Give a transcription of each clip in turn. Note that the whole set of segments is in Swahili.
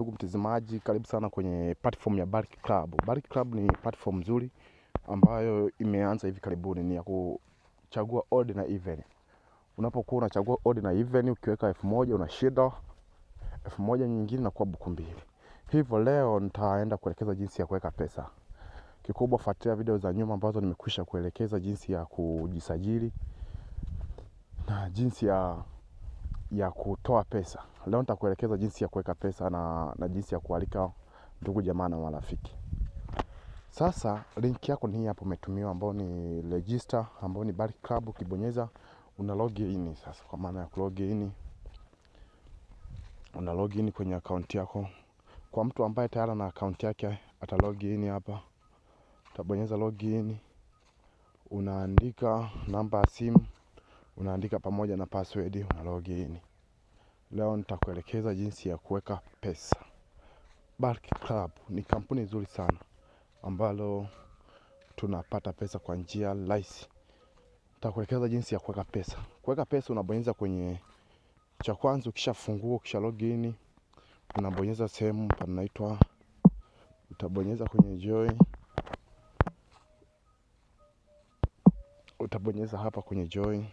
Ndugu mtazamaji, karibu sana kwenye platform ya Barrick Club. Barrick Club ni platform nzuri ambayo imeanza hivi karibuni, ni ya kuchagua odd na even. Unapokuwa unachagua odd na even, ukiweka elfu moja shida elfu moja nyingine na kuwa buku mbili. Hivyo leo nitaenda kuelekeza jinsi ya kuweka pesa. Kikubwa, fuatilia video za nyuma ambazo nimekwisha kuelekeza jinsi ya kujisajili na jinsi ya ya kutoa pesa. Leo nitakuelekeza jinsi ya kuweka pesa na, na jinsi ya kualika ndugu jamaa na marafiki. Sasa link yako ni hii hapo umetumiwa, ambao ni register, ambao ni Barrick Club. Ukibonyeza una log in. Sasa kwa maana ya log in, una log in kwenye akaunti yako. Kwa mtu ambaye tayari na akaunti yake ata log in hapa, utabonyeza log in, unaandika namba ya simu unaandika pamoja na password, una log in. Leo nitakuelekeza jinsi ya kuweka pesa. Barrick Club ni kampuni nzuri sana ambalo tunapata pesa kwa njia rahisi. Nitakuelekeza jinsi ya kuweka pesa. Kuweka pesa unabonyeza kwenye cha kwanza, ukishafungua ukisha login, unabonyeza sehemu panaitwa, utabonyeza kwenye join, utabonyeza hapa kwenye join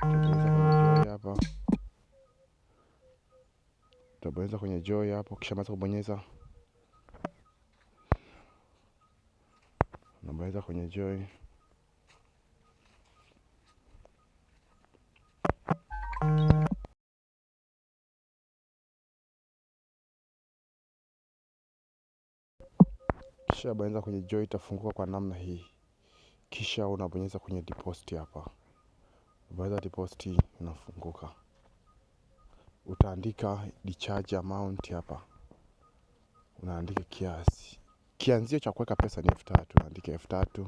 hapa utabonyeza kwenye joy hapo, kisha maza kubonyeza, unabonyeza kwenye joy kisha bonyeza kwenye joy, itafunguka kwa namna hii, kisha unabonyeza kwenye deposit hapa. Baada deposit inafunguka, utaandika recharge amount hapa, unaandika kiasi. Kianzio cha kuweka pesa ni elfu tatu. unaandika elfu tatu,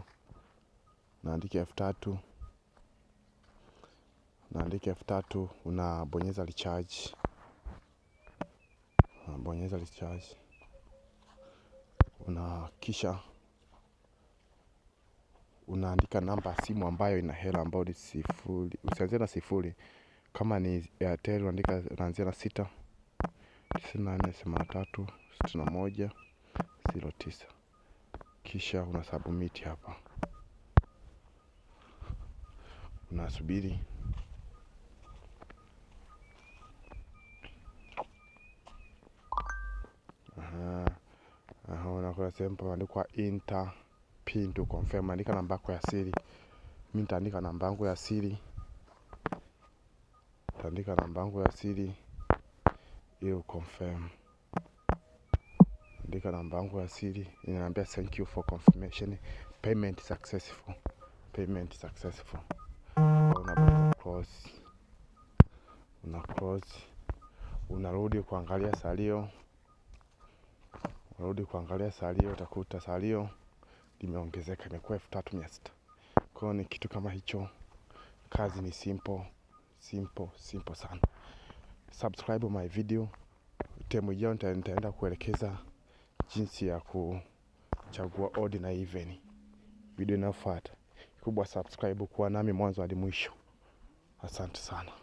unaandika elfu tatu, unaandika elfu tatu. Unabonyeza recharge, unabonyeza recharge, una kisha unaandika namba ya simu ambayo ina hela ambayo ni sifuri usianzie na sifuri kama ni airtel unaandika unaanzia na sita tisini na nne themanini na tatu sitini na moja sifuri tisa kisha unasubmit hapa unasubiri aha, aha, sehemu pameandikwa enter pin to confirm andika namba yako ya siri mi nitaandika namba yangu ya siri nitaandika namba yangu ya siri ili confirm andika namba yangu ya siri inaniambia thank you for confirmation payment successful payment successful Una close una close unarudi kuangalia salio unarudi kuangalia salio utakuta salio imeongezeka imekuwa elfu tatu mia sita. Kwa ni kitu kama hicho. Kazi ni simple, simple, simple sana. Subscribe my video. Temu ijao nitaenda kuelekeza jinsi ya kuchagua odd na even. Video inayofuata kubwa, subscribe, kuwa nami mwanzo hadi mwisho. Asante sana.